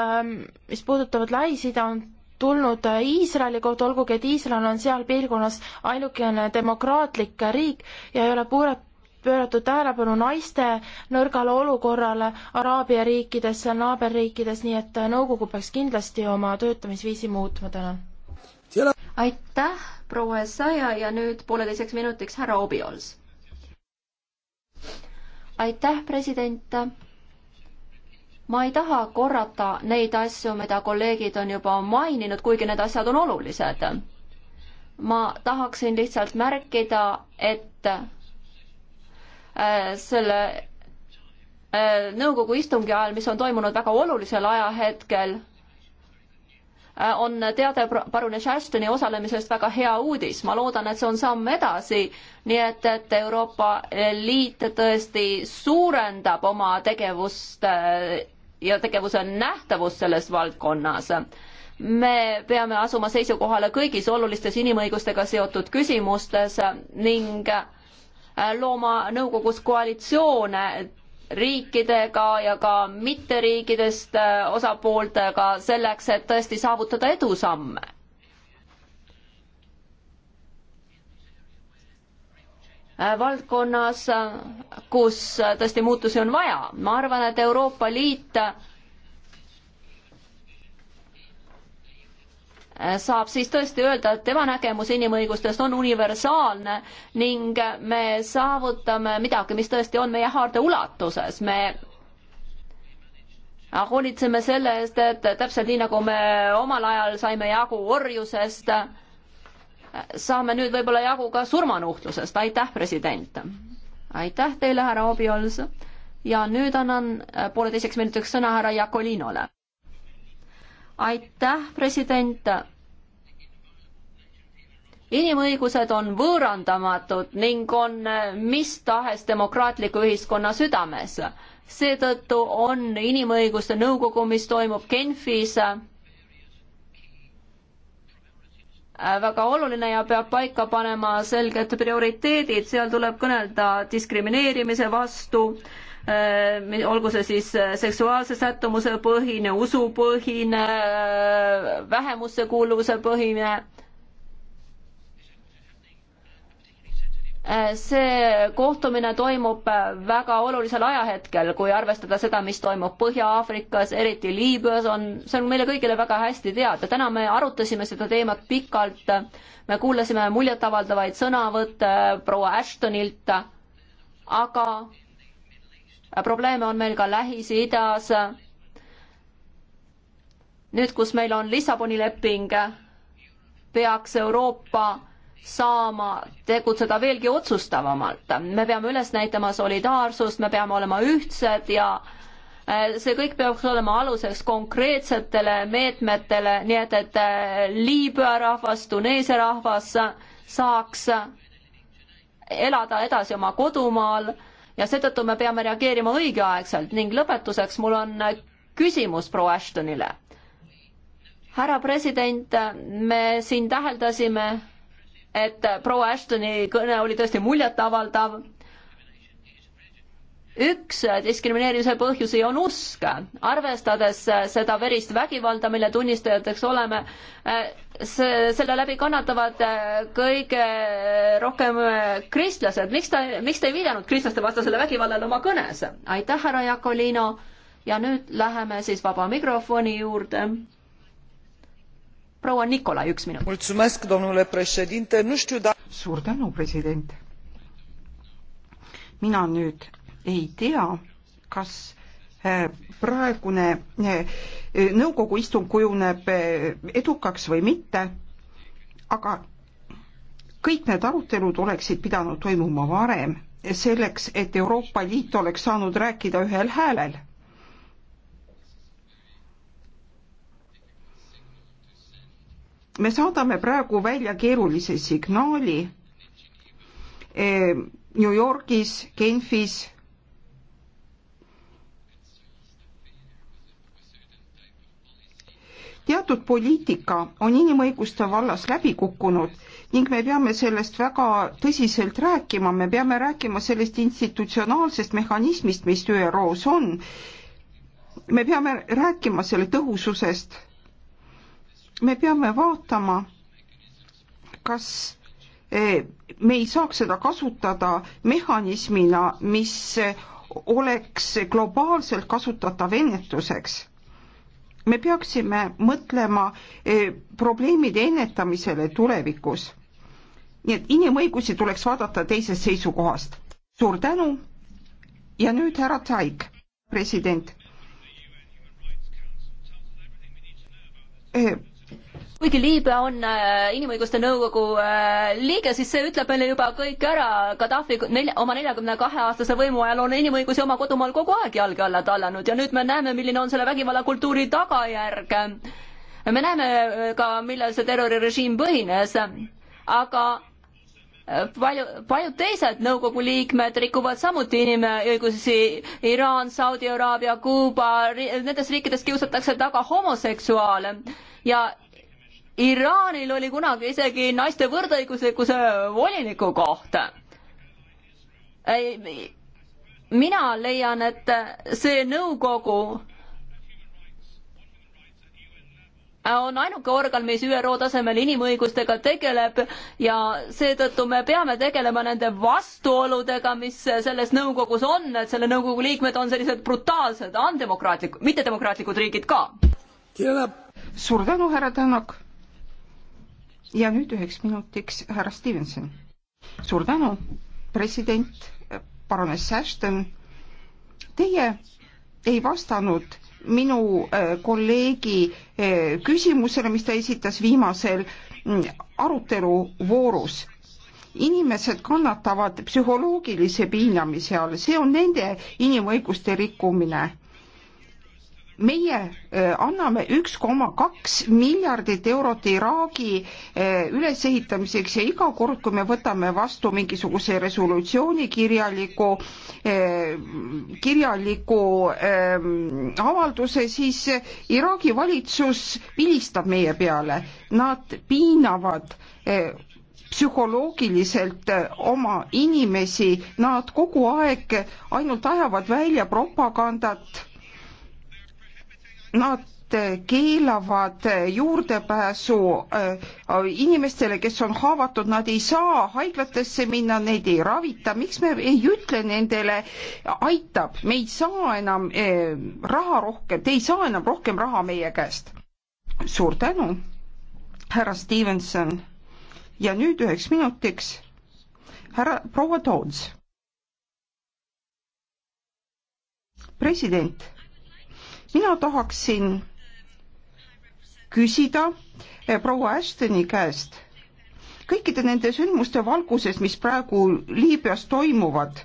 mis puudutavad Lähis-Ida, on tulnud Iisraeli kohta, olgugi et Iisrael on seal piirkonnas ainukene demokraatlik riik ja ei ole puurat-, pööratud tähelepanu naiste nõrgale olukorrale Araabia riikides, naaberriikides, nii et nõukogu peaks kindlasti oma töötamisviisi muutma, tänan. aitäh, proua Essaja ja nüüd pooleteiseks minutiks härra Obiols. aitäh, president ma ei taha korrata neid asju, mida kolleegid on juba maininud, kuigi need asjad on olulised. ma tahaksin lihtsalt märkida, et äh, selle äh, nõukogu istungi ajal, mis on toimunud väga olulisel ajahetkel, äh, on teade parunes Ashtoni osalemisest väga hea uudis. ma loodan, et see on samm edasi, nii et, et Euroopa Liit tõesti suurendab oma tegevust ja tegevuse nähtavus selles valdkonnas. me peame asuma seisukohale kõigis olulistes inimõigustega seotud küsimustes ning äh, looma nõukogus koalitsioone riikidega ja ka mitteriikidest äh, osapooltega selleks, et tõesti saavutada edusamme Äh, valdkonnas, kus äh, tõesti muutusi on vaja. ma arvan, et Euroopa Liit äh, saab siis tõesti öelda, et tema nägemus inimõigustest on universaalne ning me saavutame midagi, mis tõesti on meie haarde ulatuses, me hoolitseme selle eest, et täpselt nii, nagu me omal ajal saime jagu orjusest äh,, saame nüüd võib-olla jagu ka surmanuhtlusest, aitäh, president! aitäh teile, härra Obiols! ja nüüd annan äh, pooleteiseks minutiks sõna härra Jakolinole. aitäh, president! inimõigused on võõrandamatud ning on äh, mis tahes demokraatliku ühiskonna südames. seetõttu on Inimõiguste Nõukogu, mis toimub Genfis, Äh, väga oluline ja peab paika panema selged prioriteedid, seal tuleb kõnelda diskrimineerimise vastu, äh, olgu see siis äh, seksuaalse sättumuse põhine, usupõhine, vähemusse kuuluvuse põhine Äh, see kohtumine toimub äh, väga olulisel ajahetkel, kui arvestada seda, mis toimub Põhja-Aafrikas, eriti Liibüas on, see on meile kõigile väga hästi teada. täna me arutasime seda teemat pikalt, me kuulasime muljetavaldavaid sõnavõtte proua Ashtonilt, aga probleeme on meil ka Lähis-Idas. nüüd, kus meil on Lissaboni leping, peaks Euroopa saama tegutseda veelgi otsustavamalt. me peame üles näitama solidaarsust, me peame olema ühtsed ja eh, see kõik peaks olema aluseks konkreetsetele meetmetele, nii et, et eh, Liibüa rahvas, Tuneesia rahvas saaks elada edasi oma kodumaal ja seetõttu me peame reageerima õigeaegselt ning lõpetuseks mul on küsimus proua Ashtonile. härra president, me siin täheldasime et proua Ashtoni kõne oli tõesti muljetavaldav. üks diskrimineerimise põhjusi on usk, arvestades seda verist vägivalda, mille tunnistajateks oleme, see, selle läbi kannatavad kõige rohkem kristlased. miks ta, miks te ei viidanud kristlaste vastasele vägivallale oma kõnes? aitäh, härra Jakolino ja nüüd läheme siis vaba mikrofoni juurde proua Nikolai, üks minut. suur tänu, president. mina nüüd ei tea, kas eh, praegune eh, nõukogu istung kujuneb eh, edukaks või mitte, aga kõik need arutelud oleksid pidanud toimuma varem, selleks et Euroopa Liit oleks saanud rääkida ühel häälel me saadame praegu välja keerulise signaali eh, New Yorgis, Genfis, teatud poliitika on inimõiguste vallas läbi kukkunud ning me peame sellest väga tõsiselt rääkima, me peame rääkima sellest institutsionaalsest mehhanismist, mis ÜRO-s on. me peame rääkima selle tõhususest me peame vaatama, kas eh, me ei saaks seda kasutada mehhanismina, mis oleks globaalselt kasutatav ennetuseks. me peaksime mõtlema eh, probleemide ennetamisele tulevikus. nii et inimõigusi tuleks vaadata teisest seisukohast. suur tänu ja nüüd härra Taik, president eh, kuigi Liibüa on äh, Inimõiguste Nõukogu äh, liige, siis see ütleb meile juba kõik ära. Gaddafi nelja, oma neljakümne kahe aastase võimu ajal on inimõigusi oma kodumaal kogu aeg jalge alla tallanud ja nüüd me näeme, milline on selle vägivallakultuuri tagajärg. me näeme äh, ka, millel see terrorirežiim põhines, aga palju, paljud teised nõukogu liikmed rikuvad samuti inimõigusi, Iraan, Saudi Araabia, Kuuba, nendes riikides kiusatakse taga homoseksuaale ja Iraanil oli kunagi isegi naiste võrdõiguslikkuse voliniku koht. mina leian, et see nõukogu on ainuke organ, mis ÜRO tasemel inimõigustega tegeleb ja seetõttu me peame tegelema nende vastuoludega, mis selles nõukogus on, et selle nõukogu liikmed on sellised brutaalsed, andemokraatlikud, mittedemokraatlikud riigid ka. suur tänu, härra Tänak ja nüüd üheks minutiks härra Stevenson. suur tänu, president, baroness Ashton. Teie ei vastanud minu äh, kolleegi äh, küsimusele, mis ta esitas viimasel mm, arutelu voorus. inimesed kannatavad psühholoogilise piinamise all, see on nende inimõiguste rikkumine meie äh, anname üks koma kaks miljardit eurot Iraagi äh, ülesehitamiseks ja iga kord, kui me võtame vastu mingisuguse resolutsiooni kirjaliku, äh, kirjaliku ähm, avalduse, siis Iraagi valitsus vilistab meie peale, nad piinavad psühholoogiliselt oma inimesi, nad kogu aeg ainult ajavad välja propagandat nad eh, keelavad eh, juurdepääsu eh, inimestele, kes on haavatud, nad ei saa haiglatesse minna, neid ei ravita, miks me ei ütle nendele, aitab, me ei saa enam raha rohkem, te ei saa enam rohkem raha meie käest. suur tänu, härra Stevenson. ja nüüd üheks minutiks härra proua Toots. president mina tahaksin küsida eh, proua Ashtoni käest kõikide nende sündmuste valguses, mis praegu Liibüas toimuvad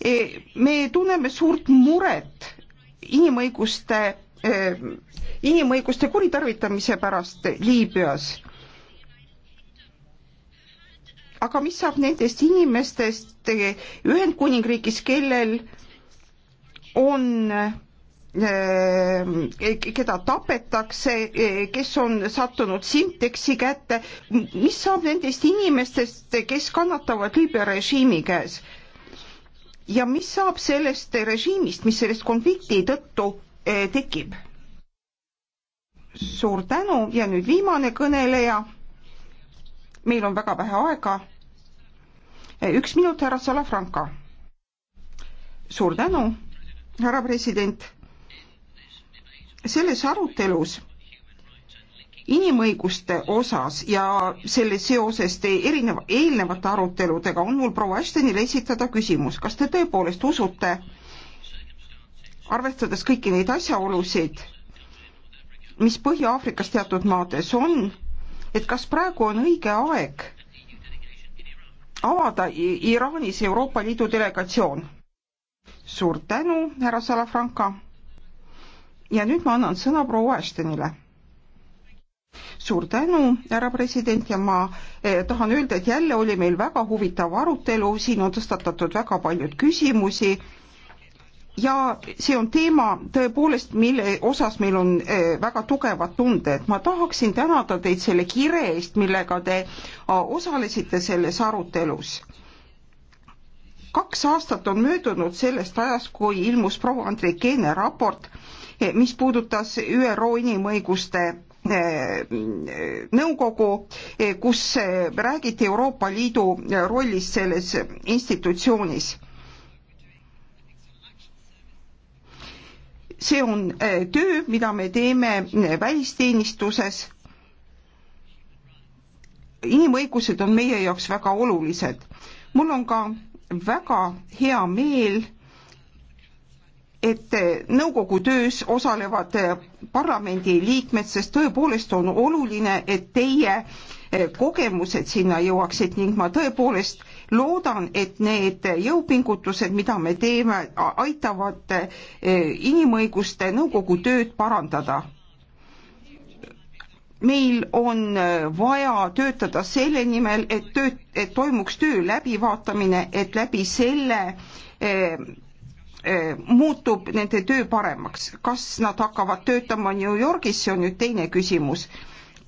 eh, me tunneme suurt muret inimõiguste, eh, inimõiguste kuritarvitamise pärast Liibüas aga mis saab nendest inimestest Ühendkuningriigis, kellel on eh, keda tapetakse, eh, kes on sattunud Simteksi kätte, mis saab nendest inimestest, kes kannatavad Liibüa režiimi käes? ja mis saab sellest režiimist, mis sellest konflikti tõttu eh, tekib? suur tänu ja nüüd viimane kõneleja meil on väga vähe aega. Eh, üks minut, härra Salafranca. suur tänu, härra president. selles arutelus inimõiguste osas ja selle seoses erineva, eelnevate aruteludega on mul proua Ashtonile esitada küsimus, kas te tõepoolest usute, arvestades kõiki neid asjaolusid, mis Põhja-Aafrikas teatud maades on, et kas praegu on õige aeg avada Iraanis Euroopa Liidu delegatsioon. suur tänu, härra Salafranca. ja nüüd ma annan sõna proua Ashtonile suur tänu, härra president, ja ma eh, tahan öelda, et jälle oli meil väga huvitav arutelu, siin on tõstatatud väga paljud küsimusi ja see on teema tõepoolest, mille osas meil on äh, väga tugevad tunded. ma tahaksin tänada teid selle kire eest, millega te äh, osalesite selles arutelus. kaks aastat on möödunud sellest ajast, kui ilmus proua Andrikeene raport, eh, mis puudutas ÜRO inimõiguste eh, nõukogu, eh, kus räägiti Euroopa Liidu rollist selles institutsioonis see on äh, töö, mida me teeme äh, välisteenistuses. inimõigused on meie jaoks väga olulised. mul on ka väga hea meel, et äh, nõukogu töös osalevad parlamendi liikmed, sest tõepoolest on oluline, et teie kogemused sinna jõuaksid ning ma tõepoolest loodan, et need jõupingutused, mida me teeme, aitavad e, inimõiguste nõukogu tööd parandada meil on e, vaja töötada selle nimel, et tööd, et toimuks töö läbivaatamine, et läbi selle eh, eh, muutub nende töö paremaks. kas nad hakkavad töötama New Yorgis, see on nüüd teine küsimus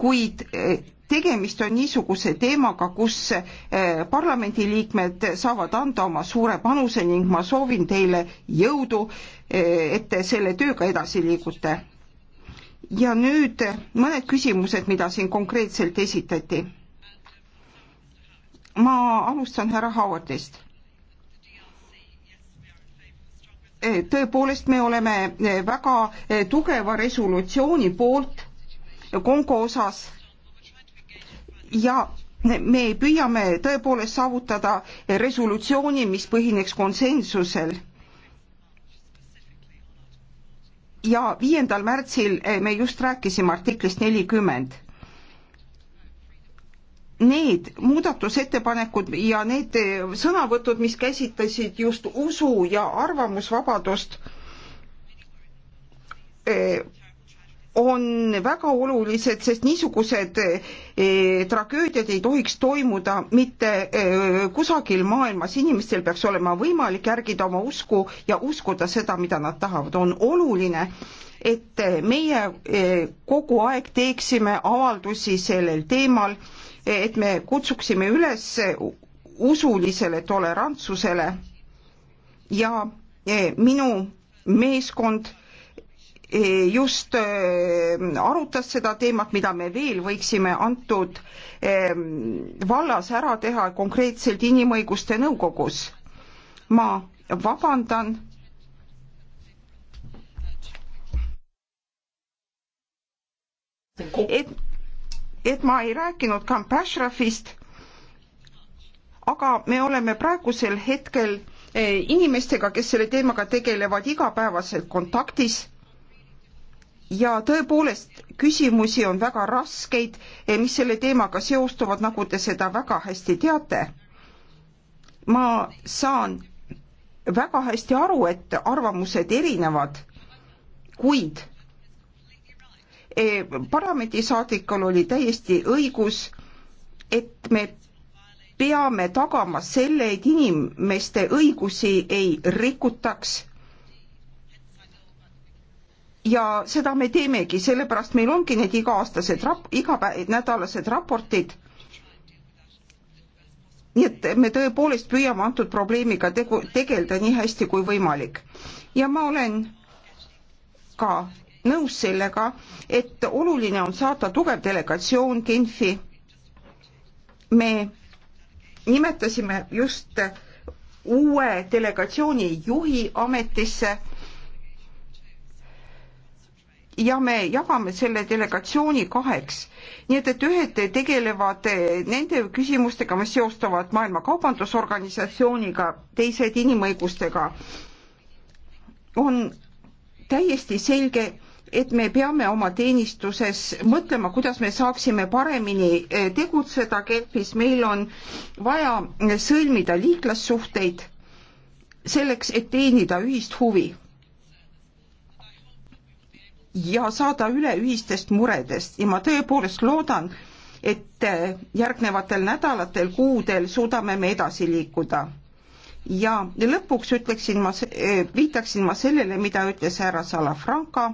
kuid eh, tegemist on niisuguse teemaga, kus eh, parlamendiliikmed saavad anda oma suure panuse ning ma soovin teile jõudu, eh, et te selle tööga edasi liigute. ja nüüd mõned küsimused, mida siin konkreetselt esitati. ma alustan härra Howardist tõepoolest me oleme väga tugeva resolutsiooni poolt Kongo osas ja me püüame tõepoolest saavutada resolutsiooni, mis põhineks konsensusel. ja viiendal märtsil me just rääkisime artiklist nelikümmend. Need muudatusettepanekud ja need sõnavõtud, mis käsitlesid just usu ja arvamusvabadust, eh, on väga olulised, sest niisugused eh, tragöödiad ei tohiks toimuda mitte eh, kusagil maailmas, inimestel peaks olema võimalik järgida oma usku ja uskuda seda, mida nad tahavad, on oluline, et meie eh, kogu aeg teeksime avaldusi sellel teemal, et me kutsuksime üles usulisele tolerantsusele ja minu meeskond Eh, just eh, arutas seda teemat, mida me veel võiksime antud eh, vallas ära teha konkreetselt Inimõiguste Nõukogus. ma vabandan. et, et ma ei rääkinud Kampashrafist, aga me oleme praegusel hetkel inimestega, kes selle teemaga tegelevad, igapäevaselt kontaktis ja tõepoolest, küsimusi on väga raskeid, eh, mis selle teemaga seostuvad, nagu te seda väga hästi teate. ma saan väga hästi aru, et arvamused erinevad, kuid eh, parlamendisaadikul oli täiesti õigus, et me peame tagama selle, et inimeste õigusi ei rikutaks ja seda me teemegi, sellepärast meil ongi need iga-aastased rap-, iganädalased raportid. nii et me tõepoolest püüame antud probleemiga tegu, tegeleda nii hästi kui võimalik. ja ma olen ka nõus sellega, et oluline on saata tugev delegatsioon Genfi. me nimetasime just uue delegatsiooni juhi ametisse ja me jagame selle delegatsiooni kaheks. nii et, et ühed tegelevad eh, nende küsimustega, mis seostavad Maailma Kaubandusorganisatsiooniga, teised inimõigustega. on täiesti selge, et me peame oma teenistuses mõtlema, kuidas me saaksime paremini eh, tegutseda Genfis, meil on vaja sõlmida liitlassuhteid selleks, et teenida ühist huvi ja saada üle ühistest muredest ja ma tõepoolest loodan, et äh, järgnevatel nädalatel, kuudel suudame me edasi liikuda. ja lõpuks ütleksin ma, äh, viitaksin ma sellele, mida ütles härra Salafranca.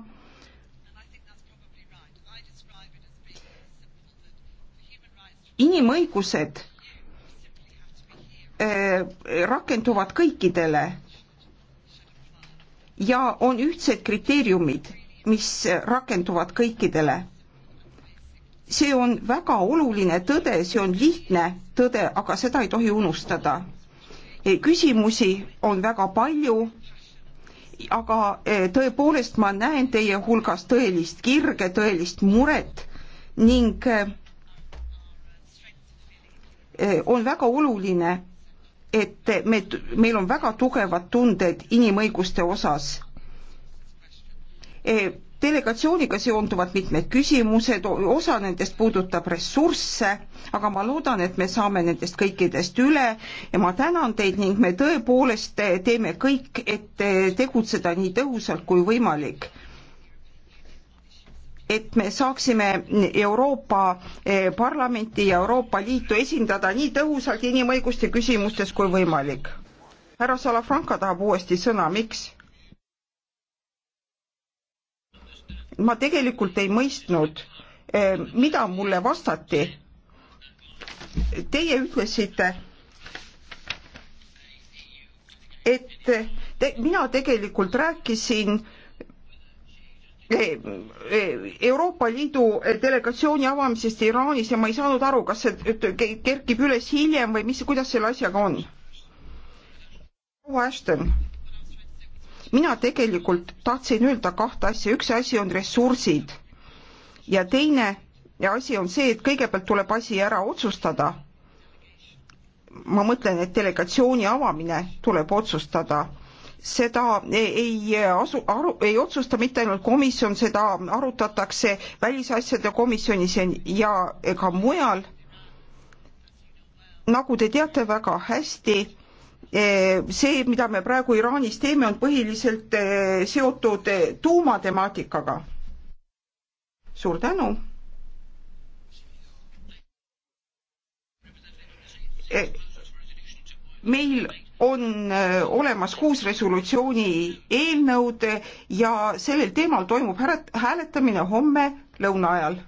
inimõigused äh, rakenduvad kõikidele ja on ühtsed kriteeriumid mis rakenduvad kõikidele. see on väga oluline tõde, see on lihtne tõde, aga seda ei tohi unustada. küsimusi on väga palju, aga eh, tõepoolest ma näen teie hulgas tõelist kirge, tõelist muret ning eh, eh, on väga oluline, et me, meil on väga tugevad tunded inimõiguste osas Eh, delegatsiooniga seonduvad mitmed küsimused, osa nendest puudutab ressursse, aga ma loodan, et me saame nendest kõikidest üle ja ma tänan teid ning me tõepoolest eh, teeme kõik, et eh, tegutseda nii tõhusalt kui võimalik. et me saaksime Euroopa Parlamenti ja Euroopa Liitu esindada nii tõhusalt inimõiguste küsimustes kui võimalik. härra Salafranca tahab uuesti sõna, miks? ma tegelikult ei mõistnud, eh, mida mulle vastati. Teie ütlesite, et te, mina tegelikult rääkisin eh, eh, Euroopa Liidu delegatsiooni avamisest Iraanis ja ma ei saanud aru, kas see kerkib üles hiljem või mis, kuidas selle asjaga on? proua Ashton, mina tegelikult tahtsin öelda kahte asja, üks asi on ressursid ja teine ja asi on see, et kõigepealt tuleb asi ära otsustada. ma mõtlen, et delegatsiooni avamine tuleb otsustada seda ei, ei asu, aru, ei otsusta mitte ainult komisjon, seda arutatakse välisasjade komisjonis ja ka mujal. nagu te teate väga hästi, Eh, see, mida me praegu Iraanis teeme, on põhiliselt eh, seotud eh, tuumatemaatikaga. suur tänu. meil on olemas kuus resolutsiooni eelnõud ja sellel teemal toimub hääletamine homme lõuna ajal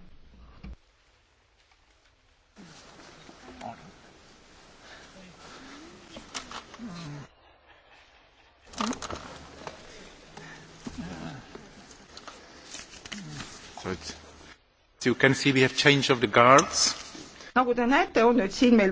So it's, as you can see, we have change of the guards. nagu te näete, on nüüd siin meil